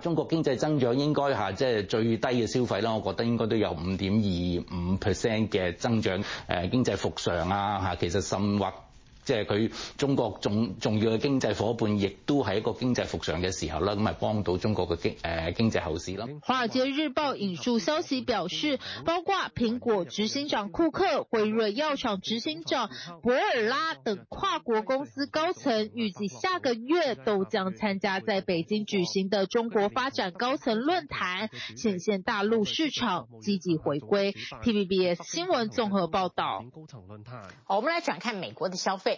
中國經濟增長應該吓，即係最低嘅消費啦，我覺得應該都有五點二五 percent 嘅增長。誒，經濟復常啊吓，其實甚或。即係佢中國重重要嘅經濟夥伴，亦都係一個經濟復常嘅時候啦，咁咪幫到中國嘅經誒經濟後市啦。《華爾街日報》引述消息表示，包括蘋果執行長庫克、輝瑞藥廠執行長博爾拉等跨國公司高層預計下個月都將參加在北京舉行的中國發展高層論壇，顯現大陸市場積極回歸。TVBS 新聞綜合報道。高層論壇好，我們來轉看美國嘅消費。